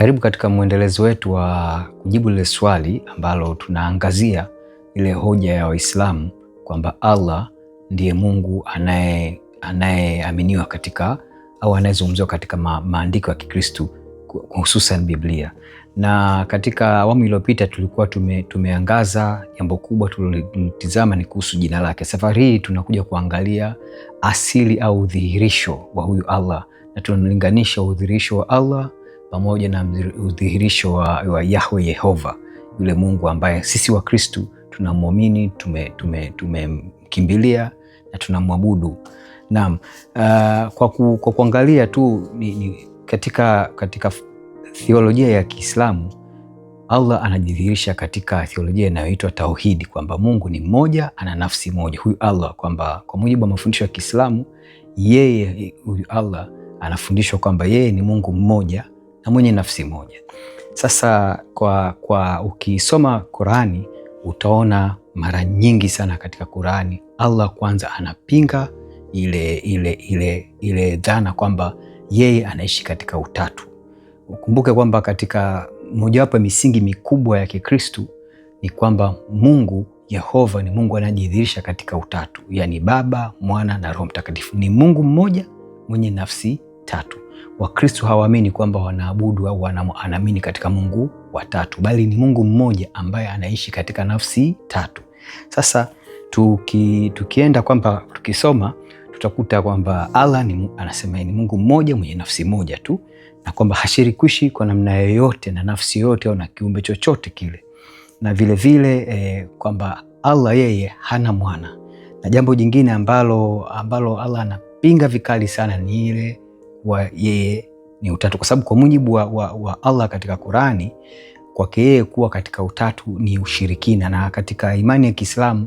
Karibu katika mwendelezo wetu wa kujibu lile swali ambalo tunaangazia ile hoja ya Waislamu kwamba Allah ndiye Mungu anaye anayeaminiwa katika au anayezungumziwa katika ma, maandiko ya kikristu hususan Biblia. Na katika awamu iliyopita tulikuwa tume, tumeangaza jambo kubwa tulilotizama ni kuhusu jina lake. Safari hii tunakuja kuangalia asili au udhihirisho wa huyu Allah na tunalinganisha udhihirisho wa Allah pamoja na udhihirisho wa, wa Yahwe Yehova, yule Mungu ambaye sisi wa Kristu tunamwamini, tumemkimbilia, tume, tume na tunamwabudu. Naam, uh, kwa, ku, kwa kuangalia tu ni, ni katika, katika theolojia ya Kiislamu Allah anajidhihirisha katika theolojia inayoitwa tauhidi, kwamba Mungu ni mmoja, ana nafsi moja, huyu Allah, kwamba kwa mujibu wa mafundisho ya Kiislamu yeye, huyu Allah anafundishwa kwamba yeye ni Mungu mmoja na mwenye nafsi moja. Sasa kwa, kwa ukisoma Qurani utaona mara nyingi sana katika Qurani Allah kwanza anapinga ile, ile, ile, ile dhana kwamba yeye anaishi katika utatu. Ukumbuke kwamba katika mojawapo ya misingi mikubwa ya Kikristu ni kwamba Mungu Yehova ni Mungu anajidhihirisha katika utatu, yaani Baba, Mwana na Roho Mtakatifu. Ni Mungu mmoja mwenye nafsi tatu. Wakristo hawaamini kwamba wanaabudu au wanaamini katika Mungu watatu, bali ni Mungu mmoja ambaye anaishi katika nafsi tatu. Sasa tuki, tukienda kwamba tukisoma tutakuta kwamba Allah ni, anasema ni Mungu mmoja mwenye nafsi moja tu, na kwamba hashirikishi kwa namna yoyote na nafsi yoyote au na kiumbe chochote kile, na vilevile vile, eh, kwamba Allah yeye hana mwana, na jambo jingine ambalo, ambalo Allah anapinga vikali sana ni ile kuwa yeye ni utatu, kwa sababu kwa mujibu wa, wa, wa Allah katika Qurani, kwake yeye kuwa katika utatu ni ushirikina, na katika imani ya Kiislamu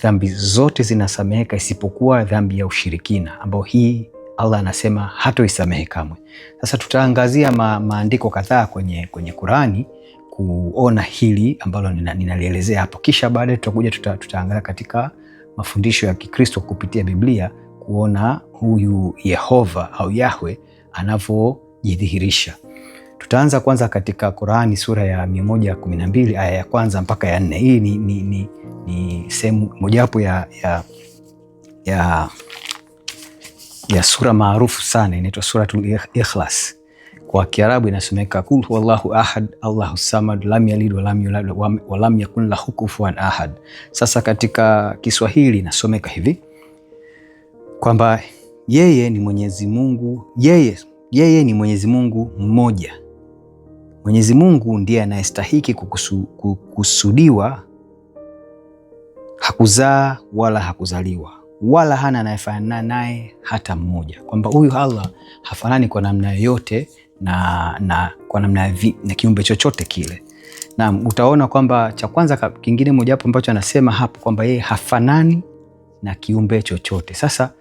dhambi zote zinasameheka isipokuwa dhambi ya ushirikina, ambayo hii Allah anasema hatoisamehe kamwe. Sasa tutaangazia ma, maandiko kadhaa kwenye, kwenye Qurani kuona hili ambalo ninalielezea nina hapo, kisha baadaye tutakuja tuta, tutaangalia katika mafundisho ya Kikristo kupitia Biblia kuona huyu Yehova au Yahwe anavyojidhihirisha. Tutaanza kwanza katika Qurani sura ya 112 aya ya kwanza mpaka ya nne. Hii ni, ni, ni, ni sehemu mojawapo ya, ya, ya, ya sura maarufu sana, inaitwa Suratul Ikhlas. Kwa Kiarabu inasomeka kul huwallahu ahad allahu samad lam yalid walam yulad walam yakun lahu kufuwan ahad. Sasa katika Kiswahili inasomeka hivi kwamba yeye ni Mwenyezi Mungu, yeye, yeye ni Mwenyezi Mungu mmoja. Mwenyezi Mungu ndiye anayestahiki kukusu, kukusudiwa, hakuzaa wala hakuzaliwa wala hana anayefanana naye hata mmoja, kwamba huyu Allah hafanani kwa namna yoyote na, na kwa namna na kiumbe chochote kile. Na utaona kwamba cha kwanza kingine mojawapo ambacho anasema hapo kwamba yeye hafanani na kiumbe chochote. Sasa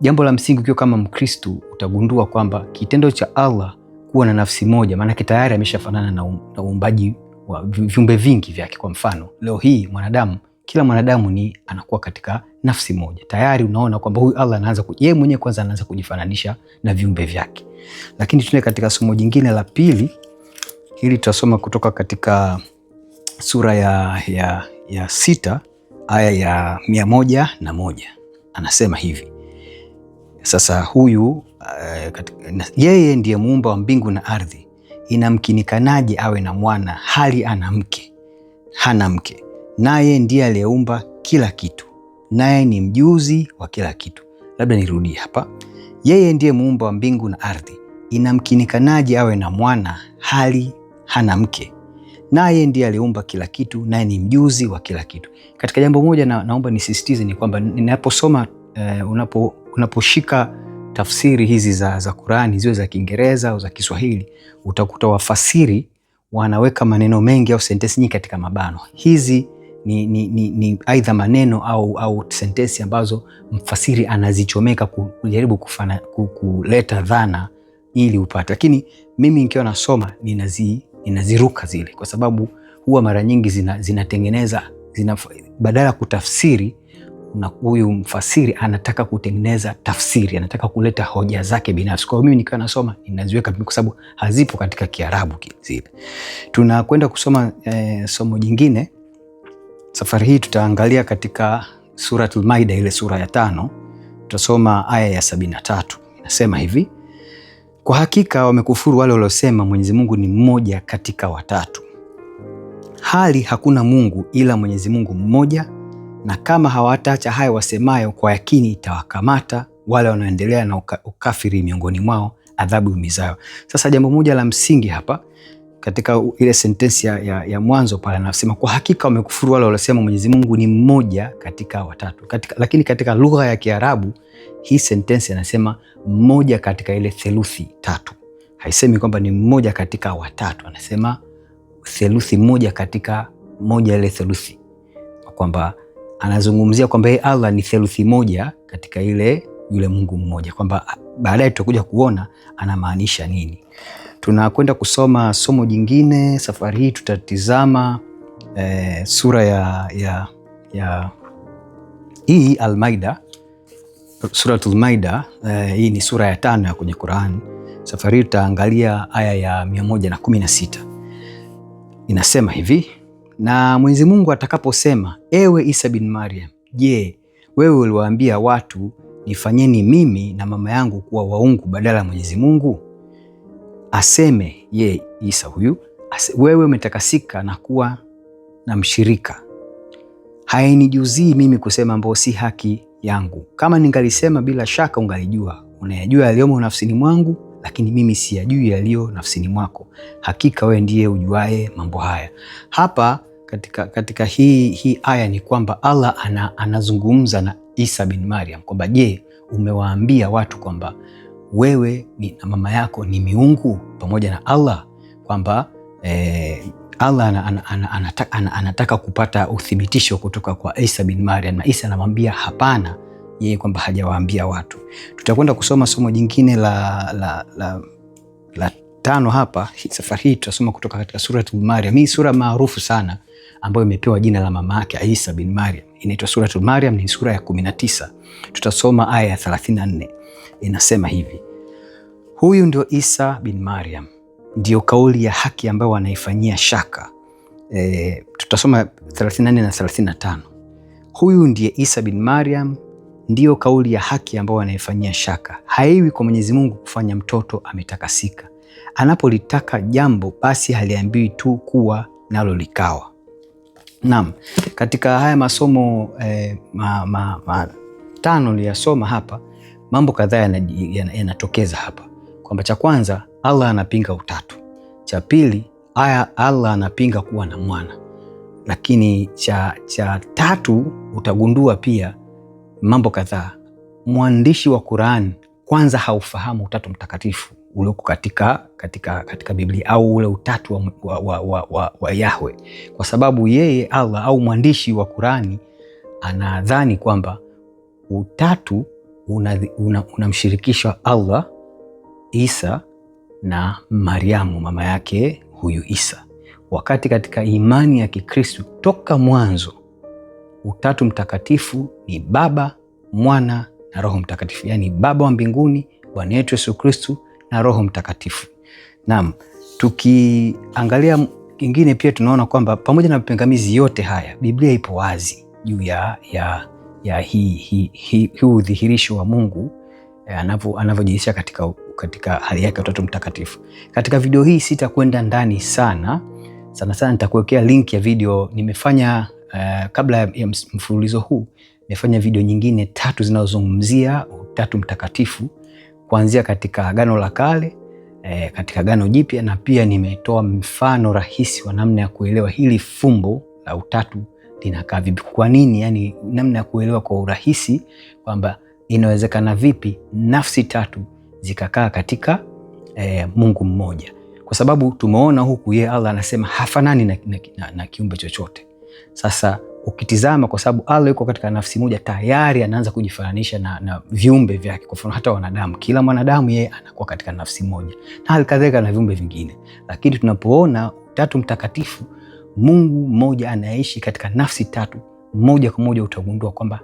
jambo la msingi ukiwa kama mkristu utagundua kwamba kitendo cha Allah kuwa na nafsi moja, maanake tayari ameshafanana na um, uumbaji wa viumbe vingi vyake. Kwa mfano leo hii mwanadamu, kila mwanadamu ni anakuwa katika nafsi moja tayari. Unaona kwamba huyu Allah anaanza yeye mwenyewe kwanza anaanza kujifananisha na viumbe vyake. Lakini tuende katika somo jingine la pili, hili tutasoma kutoka katika sura ya, ya, ya sita aya ya mia moja na moja anasema hivi sasa huyu eh, yeye ndiye muumba wa mbingu na ardhi, inamkinikanaje awe na mwana hali ana mke? Hana mke. Naye ndiye aliyeumba kila kitu, naye ni mjuzi wa kila kitu. Labda nirudi hapa, yeye ndiye muumba wa mbingu na ardhi, inamkinikanaje awe na mwana hali hana mke? naye ndiye aliumba kila kitu, naye ni mjuzi wa kila kitu. Katika jambo moja na, naomba nisisitize ni kwamba ninaposoma eh, unapo, unaposhika tafsiri hizi za, za Qur'ani ziwe za Kiingereza au za Kiswahili, utakuta wafasiri wanaweka maneno mengi au sentensi nyingi katika mabano. Hizi ni, ni, ni, ni aidha maneno au, au sentensi ambazo mfasiri anazichomeka kujaribu kufana, kuleta dhana ili upate, lakini mimi nikiwa nasoma ninazi ninaziruka zile, kwa sababu huwa mara nyingi zina, zinatengeneza zina, badala ya kutafsiri na huyu mfasiri anataka kutengeneza tafsiri, anataka kuleta hoja zake binafsi. Kwa hiyo mimi nikiwa nasoma ninaziweka kwa sababu hazipo katika Kiarabu zile. Tunakwenda kusoma e, somo jingine. Safari hii tutaangalia katika Suratul Maida, ile sura ya tano, tutasoma aya ya sabini na tatu. Inasema hivi: kwa hakika wamekufuru wale waliosema Mwenyezi Mungu ni mmoja katika watatu, hali hakuna Mungu ila Mwenyezi Mungu mmoja, na kama hawataacha hayo wasemayo, kwa yakini itawakamata wale wanaoendelea na ukafiri miongoni mwao adhabu umizayo. Sasa jambo moja la msingi hapa katika ile sentensi ya, ya, ya mwanzo pale anasema kwa hakika wamekufuru wale waliosema Mwenyezi Mungu ni mmoja katika watatu katika, lakini katika lugha ya Kiarabu hii sentensi anasema mmoja katika ile theluthi tatu. Haisemi kwamba ni mmoja katika watatu, anasema theluthi moja katika moja ile theluthi, kwamba anazungumzia kwamba yeye Allah ni theluthi moja katika ile yule Mungu mmoja, kwamba baadaye tutakuja kuona anamaanisha nini. Tunakwenda kusoma somo jingine. Safari hii tutatizama e, sura ya, ya, ya hii Almaida, Suratul Maida. Eh, hii ni sura ya tano ya kwenye Qurani. Safari hii tutaangalia aya ya 116 inasema hivi: na Mwenyezi Mungu atakaposema, ewe Isa bin Maryam, je, wewe uliwaambia watu nifanyeni mimi na mama yangu kuwa waungu badala ya Mwenyezi Mungu aseme ye Isa huyu ase, wewe umetakasika na kuwa na mshirika. Hainijuzii mimi kusema ambayo si haki yangu. Kama ningalisema, bila shaka ungalijua. Unayajua yaliyomo nafsini mwangu, lakini mimi siyajui yaliyo nafsini mwako. Hakika wewe ndiye ujuaye mambo haya. Hapa katika, katika hii, hii aya ni kwamba Allah anazungumza na Isa bin Maryam kwamba je, umewaambia watu kwamba wewe ni, na mama yako ni miungu pamoja na Allah kwamba eh, Allah an, an, an, anataka, an, anataka kupata uthibitisho kutoka kwa Isa bin Maryam na Isa anamwambia hapana, yeye kwamba hajawaambia watu. Tutakwenda kusoma somo jingine la, la, la, la tano hapa. Safari hii tutasoma kutoka katika Suratul Maryam. Hii sura maarufu sana ambayo imepewa jina la mama yake Isa bin Maryam inaitwa Suratul Maryam, ni sura ya 19. Tutasoma aya ya 34 inasema hivi, huyu ndio Isa bin Mariam. Ndiyo kauli ya haki ambayo wanaifanyia shaka e, tutasoma 34 na 35. Huyu ndiye Isa bin Mariam, ndiyo kauli ya haki ambayo wanaifanyia shaka. Haiwi kwa Mwenyezi Mungu kufanya mtoto ametakasika. Anapolitaka jambo basi haliambiwi tu kuwa nalo likawa. Naam, katika haya masomo eh, ma, ma, ma, tano liyasoma hapa mambo kadhaa yanatokeza yana hapa kwamba cha kwanza Allah anapinga utatu, cha pili aya Allah anapinga kuwa na mwana, lakini cha, cha tatu utagundua pia mambo kadhaa. Mwandishi wa Qur'an kwanza haufahamu utatu mtakatifu ulioko katika, katika, katika Biblia au ule utatu wa, wa, wa, wa, wa Yahwe, kwa sababu yeye Allah au mwandishi wa Qur'ani anadhani kwamba utatu unamshirikisha una, una Allah Isa na Mariamu mama yake huyu Isa, wakati katika imani ya Kikristo toka mwanzo Utatu Mtakatifu ni Baba, Mwana na Roho Mtakatifu, yaani Baba wa mbinguni, Bwana yetu Yesu Kristu na Roho Mtakatifu. Naam, tukiangalia kingine pia tunaona kwamba pamoja na mapingamizi yote haya Biblia ipo wazi juu ya, ya ya hii hi, hi udhihirisho wa Mungu eh, anavyojiisha katika, katika hali yake Utatu Mtakatifu. Katika video hii sitakwenda ndani sana sana sana, nitakuwekea link ya video nimefanya uh, kabla ya mfululizo huu nimefanya video nyingine tatu zinazozungumzia Utatu Mtakatifu kuanzia katika Agano la Kale eh, katika Agano Jipya na pia nimetoa mfano rahisi wa namna ya kuelewa hili fumbo la Utatu linakaa vipi. Kwa nini? Yani namna ya kuelewa kwa urahisi kwamba inawezekana vipi nafsi tatu zikakaa katika e, Mungu mmoja, kwa sababu tumeona huku yeye Allah anasema hafanani na, na, na, na kiumbe chochote. Sasa ukitizama kwa sababu Allah yuko katika nafsi moja, tayari anaanza kujifananisha na, na viumbe vyake. Kwa mfano hata wanadamu, kila mwanadamu yeye anakuwa katika nafsi moja na halikadhalika na viumbe vingine, lakini tunapoona Utatu Mtakatifu Mungu mmoja anayeishi katika nafsi tatu, moja kwa moja utagundua kwamba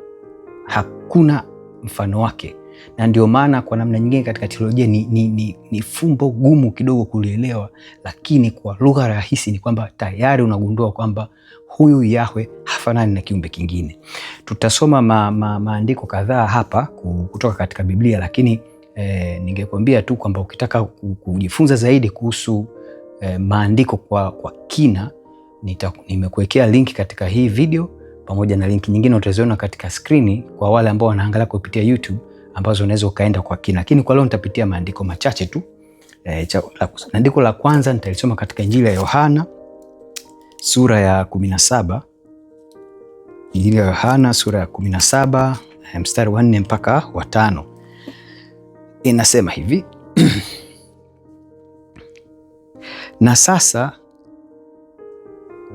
hakuna mfano wake, na ndio maana kwa namna nyingine katika teolojia ni, ni, ni, ni fumbo gumu kidogo kulielewa, lakini kwa lugha rahisi ni kwamba tayari unagundua kwamba huyu Yahwe hafanani na kiumbe kingine. Tutasoma ma, ma, maandiko kadhaa hapa kutoka katika Biblia, lakini eh, ningekuambia tu kwamba ukitaka kujifunza zaidi kuhusu eh, maandiko kwa, kwa kina nimekuwekea link katika hii video pamoja na link nyingine utaziona katika skrini kwa wale ambao wanaangalia kupitia YouTube ambazo unaweza ukaenda kwa kina, lakini kwa leo nitapitia maandiko machache tu. E, andiko la kwanza nitalisoma katika Injili ya Yohana sura ya 17. Injili ya Yohana sura ya 17 eh, mstari wa 4 mpaka wa 5, inasema hivi na sasa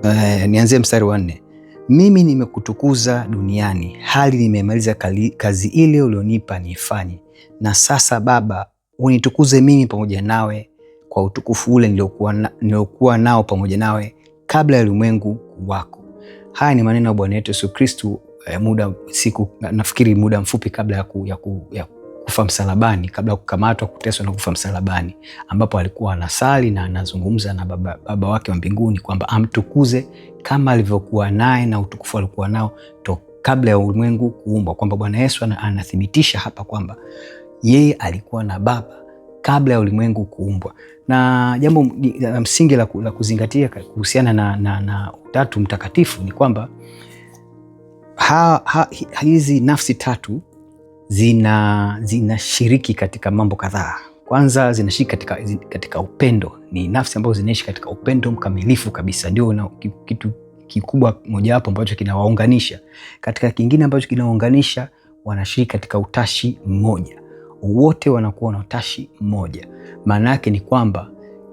Uh, nianzie mstari wa nne. Mimi nimekutukuza duniani hali nimemaliza kazi ile ulionipa niifanye, na sasa Baba unitukuze mimi pamoja nawe kwa utukufu ule niliokuwa, na, niliokuwa nao pamoja nawe kabla ya ulimwengu wako. Haya ni maneno ya Bwana wetu Yesu Kristu, eh, muda siku nafikiri muda mfupi kabla ya ku, ya ku, ya ku kufa msalabani, kabla ya kukamatwa, kuteswa na kufa msalabani, ambapo alikuwa anasali na anazungumza na baba, baba wake wa mbinguni kwamba amtukuze kama alivyokuwa naye na utukufu alikuwa nao to kabla ya ulimwengu kuumbwa, kwamba Bwana Yesu anathibitisha hapa kwamba yeye alikuwa na Baba kabla ya ulimwengu kuumbwa. Na jambo la msingi la kuzingatia kuhusiana na, na, na Utatu Mtakatifu ni kwamba ha, ha, hizi nafsi tatu zina zinashiriki katika mambo kadhaa. Kwanza zinashiriki katika, katika upendo. Ni nafsi ambazo zinaishi katika upendo mkamilifu kabisa, ndio na kitu kikubwa mojawapo ambacho kinawaunganisha. Katika kingine ambacho kinawaunganisha, wanashiriki katika utashi mmoja, wote wanakuwa na utashi mmoja. Maana yake ni kwamba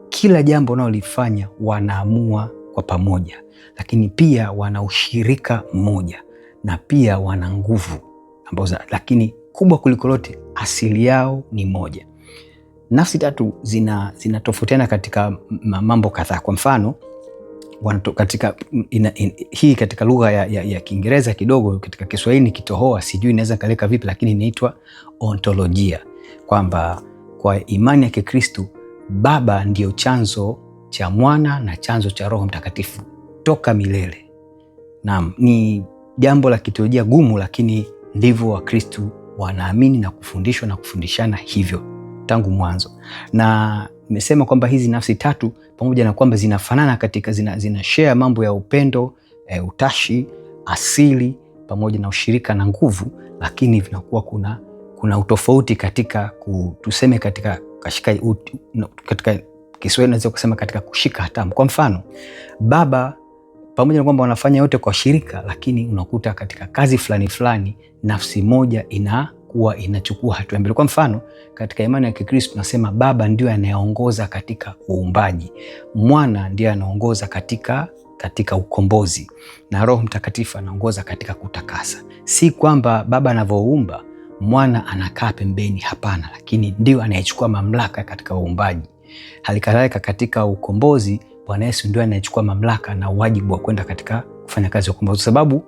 kila jambo wanaolifanya wanaamua kwa pamoja, lakini pia wana ushirika mmoja na pia wana nguvu ambazo, lakini kubwa kuliko lote, asili yao ni moja. Nafsi tatu zinatofautiana zina katika mambo kadhaa. Kwa mfano katika, ina, in, hii katika lugha ya, ya, ya Kiingereza kidogo, katika Kiswahili nikitohoa, sijui inaweza kaleka vipi, lakini inaitwa ontolojia, kwamba kwa imani ya kikristu Baba ndiyo chanzo cha Mwana na chanzo cha Roho Mtakatifu toka milele. Naam, ni jambo la kiteolojia gumu, lakini ndivyo Wakristu wanaamini na kufundishwa na kufundishana hivyo tangu mwanzo, na nimesema kwamba hizi nafsi tatu pamoja na kwamba zinafanana katika zina, zina share mambo ya upendo e, utashi, asili pamoja na ushirika na nguvu, lakini vinakuwa kuna, kuna utofauti katika tuseme katika kashika, ut, katika Kiswahili naweza kusema katika kushika hatamu. Kwa mfano baba pamoja na kwamba wanafanya yote kwa shirika, lakini unakuta katika kazi fulani fulani nafsi moja inakuwa inachukua hatua mbele. Kwa mfano, katika imani ya Kikristo tunasema Baba ndio anayeongoza katika uumbaji, Mwana ndiye anaongoza katika katika ukombozi na Roho Mtakatifu anaongoza katika kutakasa. Si kwamba Baba anavyoumba Mwana anakaa pembeni, hapana, lakini ndio anayechukua mamlaka katika uumbaji. Halikadhalika katika ukombozi Bwana Yesu ndio anayechukua mamlaka na wajibu wa kwenda katika kufanya kazi ya ukombozi, sababu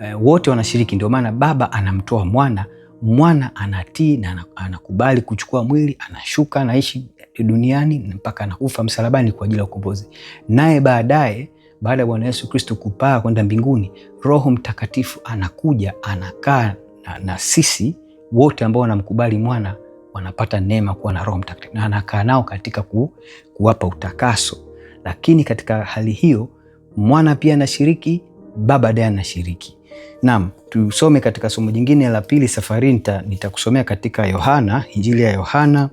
e, wote wanashiriki. Ndio maana Baba anamtoa mwana, mwana anatii na anakubali kuchukua mwili, anashuka, anaishi duniani mpaka anakufa msalabani kwa ajili ya ukombozi, naye baadaye baada ya Bwana Yesu Kristo kupaa kwenda mbinguni, Roho Mtakatifu anakuja anakaa na, na sisi wote ambao wanamkubali mwana wanapata neema kuwa na Roho Mtakatifu na anakaa nao katika ku, kuwapa utakaso lakini katika hali hiyo mwana pia anashiriki, baba naye anashiriki. Naam, tusome katika somo jingine la pili safari, nitakusomea katika Yohana, injili ya Yohana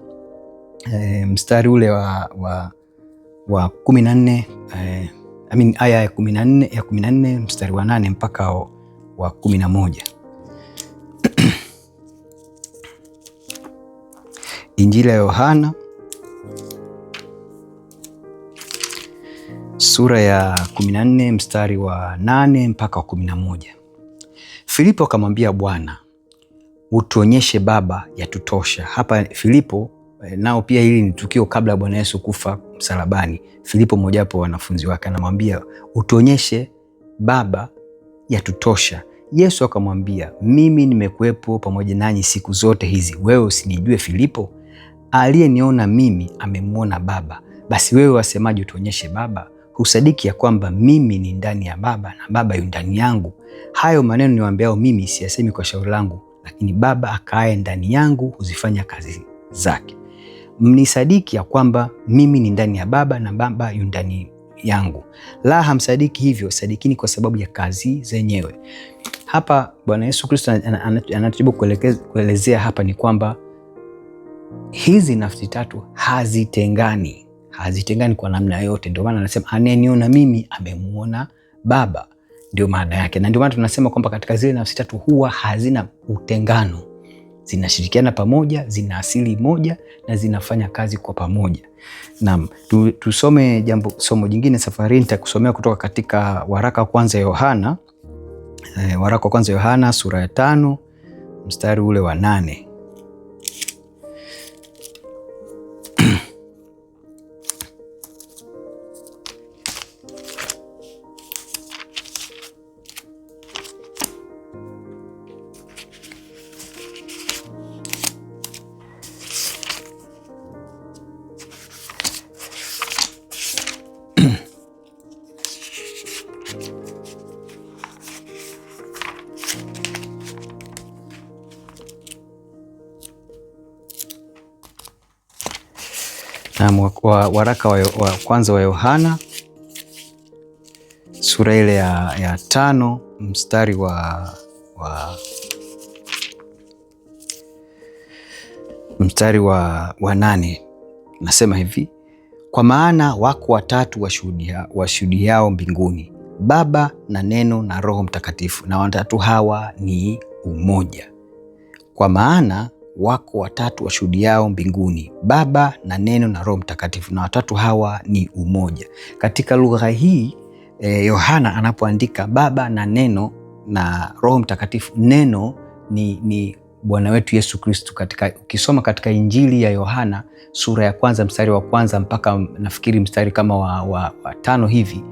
e, mstari ule wa, wa, wa kumi na nne e, eh, I mean, aya ya kumi na nne ya kumi na nne mstari wa nane mpaka wa kumi na moja Injili ya Yohana sura ya 14 mstari wa 8 mpaka wa 11. Filipo akamwambia Bwana, utuonyeshe Baba, yatutosha. Hapa Filipo eh, nao pia hili ni tukio kabla ya Bwana Yesu kufa msalabani. Filipo mmojawapo wa wanafunzi wake anamwambia utuonyeshe Baba, yatutosha. Yesu akamwambia, mimi nimekuwepo pamoja nanyi siku zote hizi, wewe usinijue Filipo? Aliyeniona mimi amemwona Baba, basi wewe wasemaje utuonyeshe Baba? husadiki ya kwamba mimi ni ndani ya Baba na Baba yu ndani yangu. Hayo maneno niwaambiao mimi siyasemi kwa shauri langu, lakini Baba akaaye ndani yangu huzifanya kazi zake. Mnisadiki ya kwamba mimi ni ndani ya Baba na Baba yu ndani yangu. La, hamsadiki hivyo, sadikini kwa sababu ya kazi zenyewe. Hapa Bwana Yesu Kristo anatujibu kuelezea hapa ni kwamba hizi nafsi tatu hazitengani hazitengani kwa namna yote. Ndio maana anasema anayeniona mimi amemuona Baba, ndio maana yake, na ndio maana tunasema kwamba katika zile nafsi tatu huwa hazina utengano, zinashirikiana pamoja, zina asili moja na zinafanya kazi kwa pamoja. Naam, tu, tusome jambo somo jingine safari, nitakusomea kutoka katika waraka wa kwanza Yohana, eh, waraka wa kwanza Yohana sura ya tano mstari ule wa nane Naam, wa waraka wa, wa kwanza wa Yohana sura ile ya, ya tano mstari wa, wa mstari wa, wa nane nasema hivi: kwa maana wako watatu washuhudiao mbinguni, Baba na Neno na Roho Mtakatifu, na watatu hawa ni umoja. Kwa maana wako watatu washuhudiao mbinguni, Baba na Neno na Roho Mtakatifu, na watatu hawa ni umoja. Katika lugha hii eh, Yohana eh, anapoandika Baba na Neno na Roho Mtakatifu, neno ni, ni Bwana wetu Yesu Kristu. Katika ukisoma katika Injili ya Yohana sura ya kwanza mstari wa kwanza mpaka nafikiri mstari kama wa, wa, wa tano hivi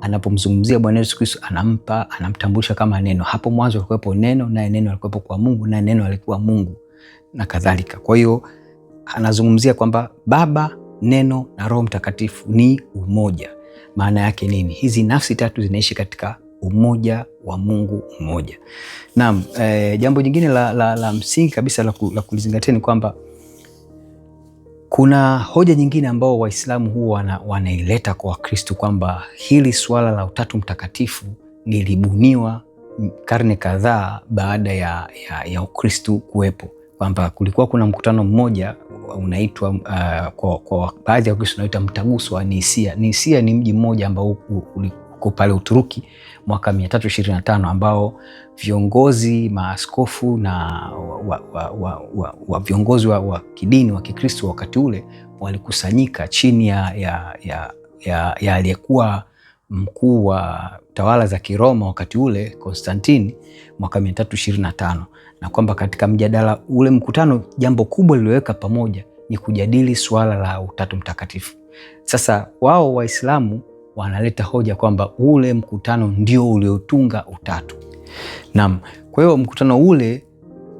anapomzungumzia Bwana Yesu Kristo anampa anamtambulisha kama neno. Hapo mwanzo alikuwepo neno, naye neno alikuwepo kwa Mungu, naye neno alikuwa Mungu na kadhalika. Kwa hiyo anazungumzia kwamba Baba, Neno na Roho Mtakatifu ni umoja. Maana yake nini? Hizi nafsi tatu zinaishi katika umoja wa Mungu mmoja. Naam, e, jambo jingine la, la, la msingi kabisa la, la kulizingatia ni kwamba kuna hoja nyingine ambao Waislamu huwa wanaileta kwa wakristu kwamba hili suala la Utatu Mtakatifu lilibuniwa karne kadhaa baada ya, ya, ya Ukristu kuwepo kwamba kulikuwa kuna mkutano mmoja uh, unaitwa uh, kwa, kwa baadhi ya Wakristo unaita mtaguso wa Nisia. Nisia ni mji mmoja ambao uko pale Uturuki mwaka 325 ambao viongozi maaskofu na wa, wa, wa, wa, wa viongozi wa, wa kidini wa Kikristo wakati ule walikusanyika chini ya, ya, ya, ya, ya aliyekuwa mkuu wa tawala za Kiroma wakati ule Konstantini mwaka 325 na kwamba katika mjadala ule mkutano, jambo kubwa lililoweka pamoja ni kujadili suala la Utatu Mtakatifu. Sasa wao Waislamu wanaleta hoja kwamba ule mkutano ndio uliotunga utatu. Naam, kwa hiyo mkutano ule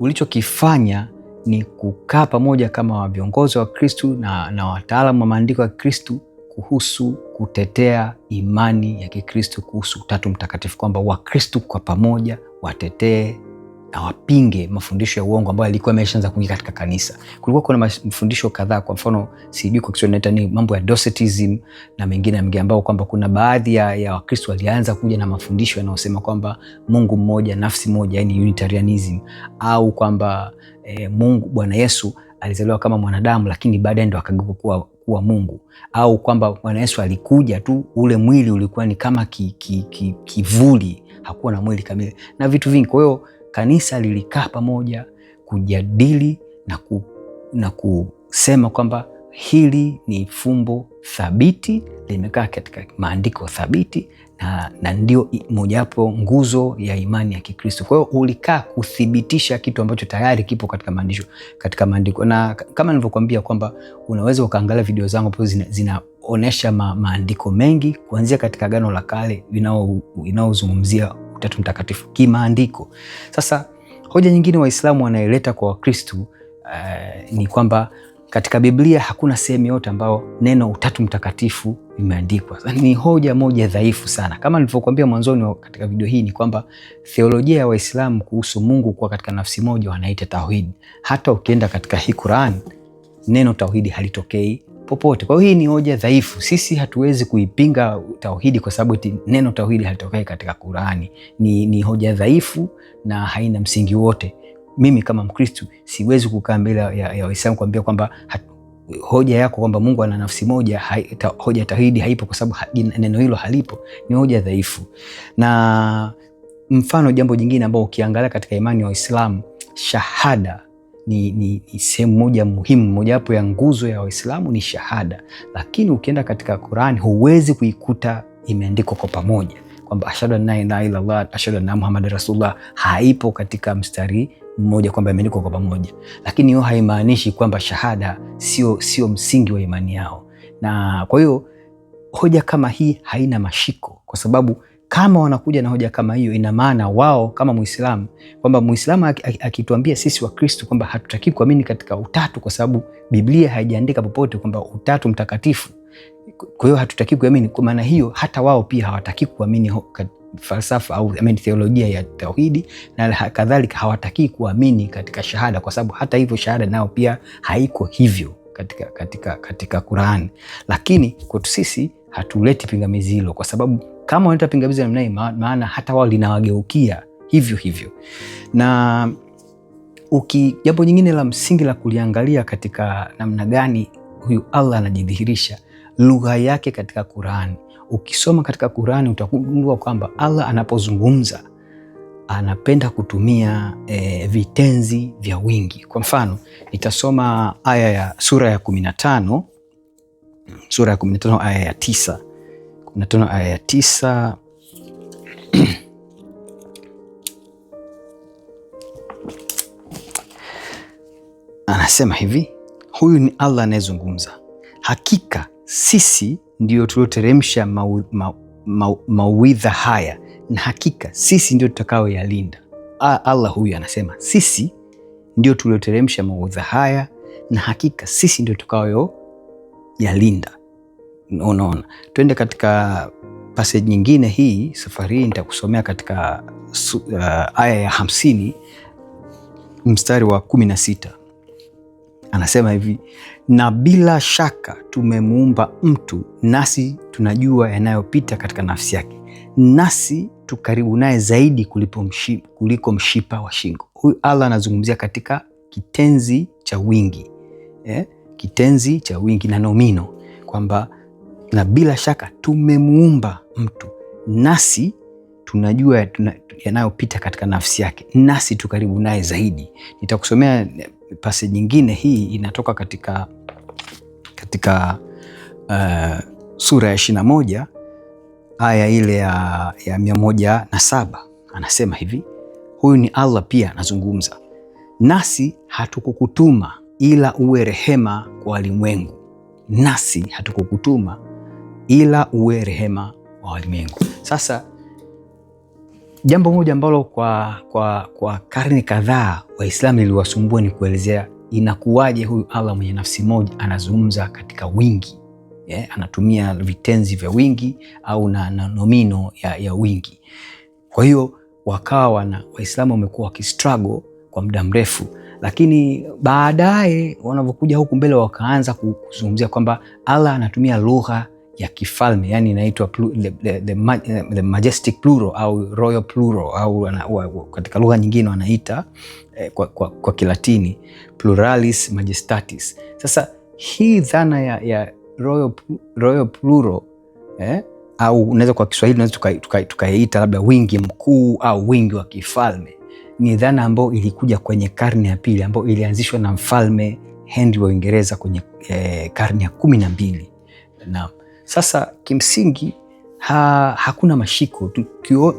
ulichokifanya ni kukaa pamoja kama viongozi wa Kristu na, na wataalamu wa maandiko ya Kristu kuhusu kutetea imani ya Kikristu kuhusu Utatu Mtakatifu, kwamba Wakristu kwa pamoja watetee awapinge mafundisho ya uongo ambayo alikuwa ameshaanza kuingia katika kanisa. Kulikuwa kuna mafundisho kadhaa, kwa mfano sijui kwa Kiswahili naita ni mambo ya docetism na mengine na ambao kwamba kuna baadhi ya, ya Wakristo walianza kuja na mafundisho yanayosema kwamba Mungu mmoja, nafsi moja, yani Unitarianism, au kwamba e, Mungu Bwana Yesu alizaliwa kama mwanadamu lakini baadaye ndo akageuka kuwa, kuwa Mungu, au kwamba Bwana Yesu alikuja tu, ule mwili ulikuwa ni kama ki, ki, ki, kivuli, hakuwa na mwili kamili na vitu vingi, kwa hiyo kanisa lilikaa pamoja kujadili na, ku, na kusema kwamba hili ni fumbo thabiti, limekaa katika maandiko thabiti na, na ndio mojawapo nguzo ya imani ya Kikristo. Kwa hiyo ulikaa kuthibitisha kitu ambacho tayari kipo katika maandisho, katika maandiko, na kama nilivyokuambia kwamba unaweza ukaangalia video zangu ambazo zina, zinaonyesha ma, maandiko mengi kuanzia katika Agano la Kale inaozungumzia Utatu Mtakatifu kimaandiko. Sasa hoja nyingine Waislamu wanaeleta kwa Wakristu uh, ni kwamba katika Biblia hakuna sehemu yote ambayo neno Utatu Mtakatifu imeandikwa. Ni hoja moja dhaifu sana. Kama nilivyokuambia mwanzoni katika video hii ni kwamba theolojia ya Waislamu kuhusu Mungu kuwa katika nafsi moja wanaita tauhidi. Hata ukienda katika hii Qur'an neno tauhidi halitokei popote. Kwa hiyo hii ni hoja dhaifu, sisi hatuwezi kuipinga tauhidi kwa sababu neno tauhidi halitokai katika Qurani. Ni, ni hoja dhaifu na haina msingi wote. Mimi kama Mkristu siwezi kukaa mbele ya Waislamu kuambia kwamba hoja yako kwamba Mungu ana nafsi moja hai, ta, hoja tauhidi haipo kwa sababu ha, neno hilo halipo, ni hoja dhaifu. Na mfano jambo jingine ambao ukiangalia katika imani ya Waislamu shahada ni, ni, ni sehemu moja muhimu, mojawapo ya nguzo ya Waislamu ni shahada, lakini ukienda katika qurani huwezi kuikuta imeandikwa kwa pamoja kwamba ashhadu an la ilaha illallah, ashhadu anna muhammadan rasulullah, haipo katika mstari mmoja kwamba imeandikwa kwa pamoja, lakini hiyo haimaanishi kwamba shahada sio, sio msingi wa imani yao. Na kwa hiyo hoja kama hii haina mashiko kwa sababu kama wanakuja na hoja kama hiyo, ina maana wao kama Muislamu kwamba Muislamu akituambia sisi Wakristo kwamba hatutaki kuamini katika utatu kwa sababu Biblia haijaandika popote kwamba utatu mtakatifu, kwa hiyo hatutaki kuamini. Kwa maana hiyo, hata wao pia hawataki kuamini falsafa au I mean, theolojia ya tauhidi na kadhalika, hawataki kuamini katika shahada, kwa sababu hata hivyo shahada nao pia haiko hivyo katika, katika, katika Qur'an. Lakini kwetu sisi hatuleti pingamizi hilo kwa sababu kama wanaita pingamizi namna hii, maana hata wao linawageukia hivyo hivyo. Na uki jambo nyingine la msingi la kuliangalia katika namna gani huyu Allah anajidhihirisha, lugha yake katika Qur'ani. Ukisoma katika Qur'ani utagundua kwamba Allah anapozungumza anapenda kutumia e, vitenzi vya wingi. Kwa mfano, nitasoma aya ya sura ya 15 sura ya 15 aya ya tisa na aya ya tisa anasema hivi, huyu ni Allah anayezungumza, hakika sisi ndio tulioteremsha mauidha ma, ma, haya na hakika sisi ndio tutakaoyalinda. Allah huyu anasema sisi ndio tulioteremsha mauidha haya na hakika sisi ndio tutakayoyalinda. Unaona, twende katika passage nyingine. Hii safari hii nitakusomea katika uh, aya ya hamsini mstari wa kumi na sita anasema hivi: na bila shaka tumemuumba mtu, nasi tunajua yanayopita katika nafsi yake, nasi tu karibu naye zaidi kulipo mshipa, kuliko mshipa wa shingo. Huyu Allah anazungumzia katika kitenzi cha wingi eh, kitenzi cha wingi na nomino kwamba na bila shaka tumemuumba mtu, nasi tunajua yanayopita katika nafsi yake, nasi tukaribu naye zaidi. Nitakusomea eh, pase nyingine, hii inatoka katika, katika uh, sura ya ishirini na moja aya ile ya, ya mia moja na saba anasema hivi. Huyu ni Allah pia anazungumza nasi, hatukukutuma ila uwe rehema kwa walimwengu, nasi hatukukutuma ila uwe rehema wa walimwengu. Sasa jambo moja ambalo kwa, kwa, kwa karne kadhaa Waislamu liliwasumbua ni kuelezea inakuwaje huyu Allah mwenye nafsi moja anazungumza katika wingi yeah, anatumia vitenzi vya wingi au na, na nomino ya, ya wingi. Kwa hiyo wakawa na Waislamu wamekuwa wakistruggle kwa muda mrefu, lakini baadaye wanavyokuja huku mbele wakaanza kuzungumzia kwamba Allah anatumia lugha ya kifalme, yani inaitwa the, the, the, the majestic plural au royal plural au wana, wa, katika lugha nyingine wanaita eh, kwa, kwa, kwa Kilatini pluralis majestatis. Sasa hii dhana ya, ya royal, royal plural eh, au unaweza kwa Kiswahili unaweza tukaiita tuka, tuka labda wingi mkuu au wingi wa kifalme ni dhana ambayo ilikuja kwenye karne ya pili ambayo ilianzishwa na mfalme Henry wa Uingereza kwenye eh, karne ya kumi na mbili na sasa kimsingi ha, hakuna mashiko tu,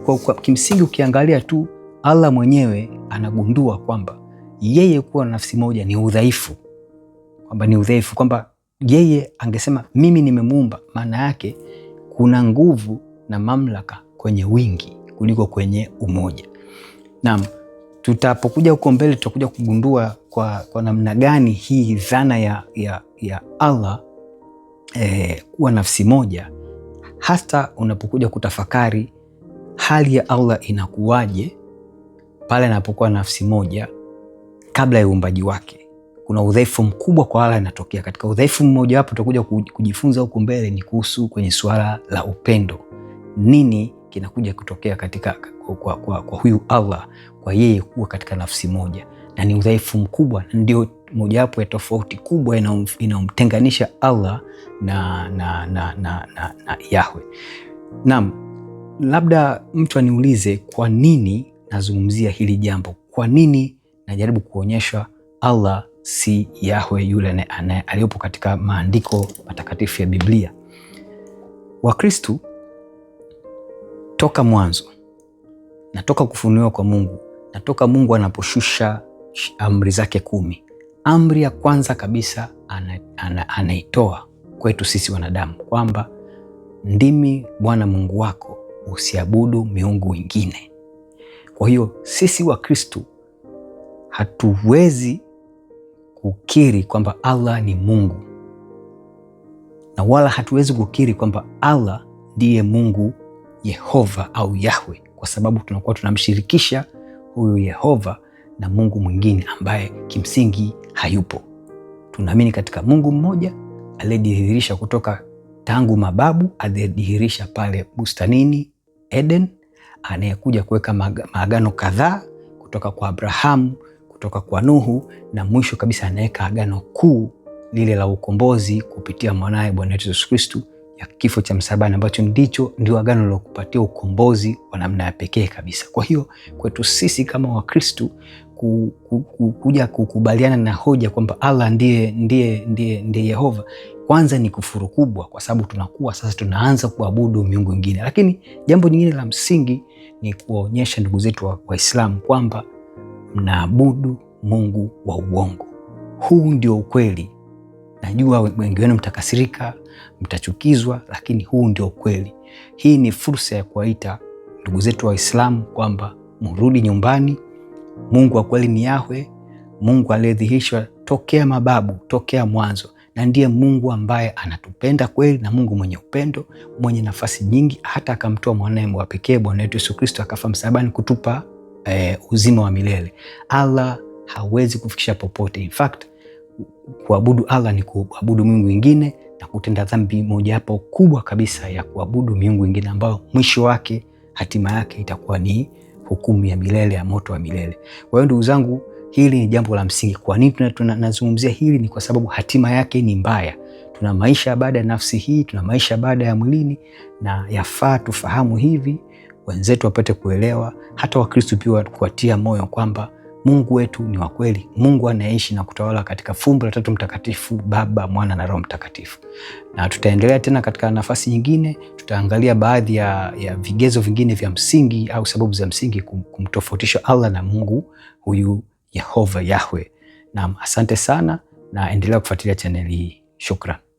kwa, kwa, kimsingi ukiangalia tu Allah mwenyewe anagundua kwamba yeye kuwa na nafsi moja ni udhaifu, kwamba ni udhaifu, kwamba yeye angesema mimi nimemuumba, maana yake kuna nguvu na mamlaka kwenye wingi kuliko kwenye umoja. Naam, tutapokuja huko mbele tutakuja kugundua kwa, kwa namna gani hii dhana ya, ya, ya Allah eh, kuwa nafsi moja, hata unapokuja kutafakari hali ya Allah inakuwaje pale anapokuwa nafsi moja kabla ya uumbaji wake. Kuna udhaifu mkubwa kwa Allah inatokea katika udhaifu mmoja wapo, tutakuja kujifunza huku mbele, ni kuhusu kwenye suala la upendo, nini kinakuja kutokea katika kwa, kwa, kwa, kwa huyu Allah, kwa yeye kuwa katika nafsi moja, na ni udhaifu mkubwa ndio mojawapo ya tofauti kubwa inayomtenganisha Allah na, na, na, na, na, na Yahwe. Naam, labda mtu aniulize kwa nini nazungumzia hili jambo, kwa nini najaribu kuonyesha Allah si Yahwe yule aliyopo katika maandiko matakatifu ya Biblia. Wakristu toka mwanzo natoka kufunuliwa kwa Mungu natoka Mungu anaposhusha amri zake kumi amri ya kwanza kabisa anaitoa ana, ana kwetu sisi wanadamu kwamba ndimi Bwana Mungu wako, usiabudu miungu wingine. Kwa hiyo sisi Wakristu hatuwezi kukiri kwamba Allah ni Mungu na wala hatuwezi kukiri kwamba Allah ndiye Mungu Yehova au Yahwe, kwa sababu tunakuwa tunamshirikisha huyu Yehova na Mungu mwingine ambaye kimsingi hayupo. Tunaamini katika Mungu mmoja aliyedihirisha kutoka tangu mababu, aliyedihirisha pale bustanini Eden, anayekuja kuweka maagano kadhaa kutoka kwa Abrahamu, kutoka kwa Nuhu, na mwisho kabisa anaweka agano kuu lile la ukombozi kupitia mwanaye Bwana wetu Yesu Kristu ya kifo cha msalabani ambacho ndicho ndio agano lilokupatia ukombozi wa namna ya pekee kabisa. Kwa hiyo kwetu sisi kama Wakristu ku, ku, ku, kuja kukubaliana na hoja kwamba Allah ndiye, ndiye, ndiye, ndiye Yehova kwanza ni kufuru kubwa, kwa sababu tunakuwa sasa tunaanza kuabudu miungu mingine. Lakini jambo lingine la msingi ni kuwaonyesha ndugu zetu Waislamu kwamba mnaabudu mungu wa uongo. Huu ndio ukweli. Najua wengi wenu mtakasirika, mtachukizwa, lakini huu ndio ukweli. Hii ni fursa ya kuwaita ndugu zetu Waislamu kwamba mrudi nyumbani Mungu wa kweli ni Yahwe, Mungu aliyedhihirishwa tokea mababu, tokea mwanzo, na ndiye Mungu ambaye anatupenda kweli, na Mungu mwenye upendo, mwenye nafasi nyingi, hata akamtoa mwanaye wa pekee Bwana wetu Yesu Kristo akafa msalabani kutupa eh, uzima wa milele. Allah hawezi kufikisha popote. In fact, kuabudu Allah ni kuabudu miungu ingine na kutenda dhambi mojawapo kubwa kabisa ya kuabudu miungu ingine ambayo mwisho wake hatima yake itakuwa ni hukumu ya milele ya moto wa milele. Kwa hiyo ndugu zangu, hili ni jambo la msingi. Kwa nini tunazungumzia hili? Ni kwa sababu hatima yake ni mbaya. Tuna maisha baada ya nafsi hii, tuna maisha baada ya mwilini, na yafaa tufahamu hivi, wenzetu wapate kuelewa, hata Wakristu pia kuwatia moyo kwamba Mungu wetu ni wa kweli, Mungu anayeishi na kutawala katika fumbo la Tatu Mtakatifu, Baba, Mwana na Roho Mtakatifu. Na tutaendelea tena katika nafasi nyingine, tutaangalia baadhi ya, ya vigezo vingine vya msingi au sababu za msingi kumtofautisha Allah na Mungu huyu Yehova Yahwe. Naam, asante sana na endelea kufuatilia chaneli hii. Shukran.